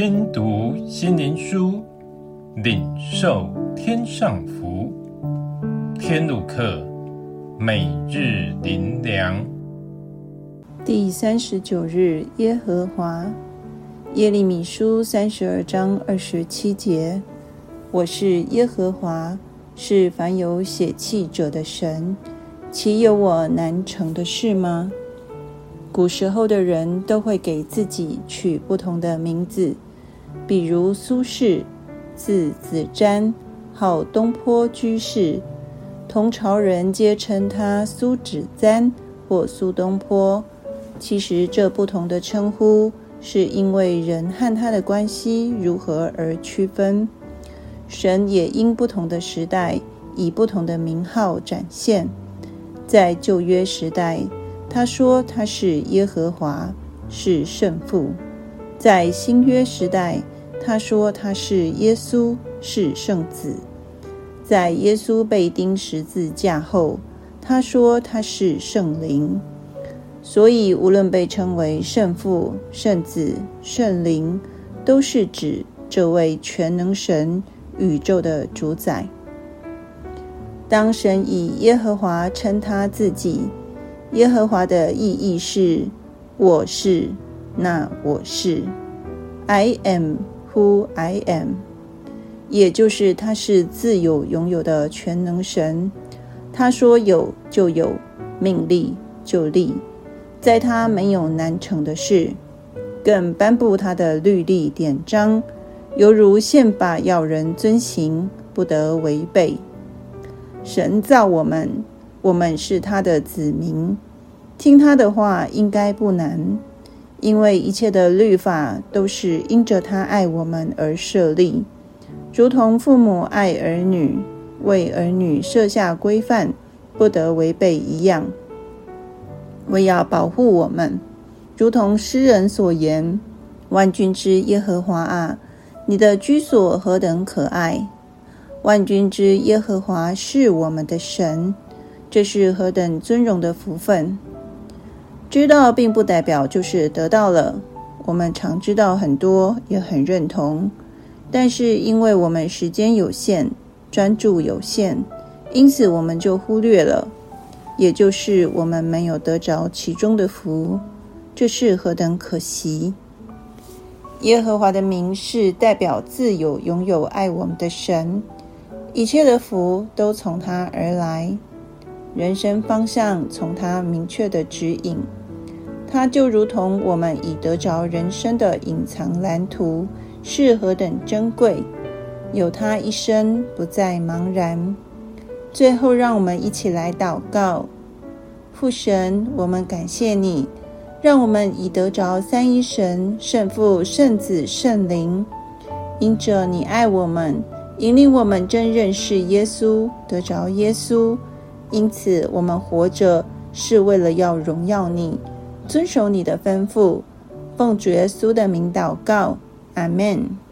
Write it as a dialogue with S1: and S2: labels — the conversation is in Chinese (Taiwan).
S1: 聽讀心靈書，領受天上福。天路客，每日靈糧。第三十九日，耶和華。耶利米書三十二章二十七節：我是耶和華，是凡有血氣者的神，豈有我難成的事嗎？古時候的人都會給自己取不同的名字。比如蘇軾，字子、子瞻，號東坡居士，同朝人皆稱他蘇子瞻或蘇東坡。其實這不同的稱呼，是因為人和他的關係如何而區分。神也因不同的時代，以不同的名號展現。在舊約時代，他說他是耶和華，是聖父。在新約時代，他說他是耶穌，是聖子。在耶穌被釘十字架後，他說他是聖靈。所以，無論被稱為聖父、聖子、聖靈，都是指這位全能神、宇宙的主宰。當神以耶和華稱他自己，耶和華的意義是“我是”。那我是，I am who I am，也就是他是自有永有的全能神。他說有就有，命立就立，在他沒有難成的事。更頒布他的律例典章，猶如憲法要人遵行，不得違背。神造我們，我們是他的子民，聽他的話應該不難，因為一切的律法都是因着他愛我們而設立，如同父母愛兒女，為兒女設下規範，不得違背一樣。為要保護我們，如同詩人所言：“萬軍之耶和華啊，你的居所何等可愛！”萬軍之耶和華是我們的神，這是何等尊榮的福分！知道並不代表就是得到了。我們常知道很多，也很認同，但是因為我們時間有限，專注有限，因此我們就忽略了。也就是我們沒有得着其中的福，這是何等可惜！耶和華的名是代表自有永有愛我們的神，一切的福都從他而來，人生方向從他明確的指引。祂就如同我們已得着人生的隱藏藍圖，是何等珍貴！有他一生不再茫然。最後，讓我們一起來禱告：父神，我們感謝你，讓我們已得着三一神，聖父、聖子、聖靈。因着你愛我們，引領我們真認識耶穌，得着耶穌，因此我們活着是為了要榮耀你。遵守你的吩咐，奉主耶穌的名禱告，阿門。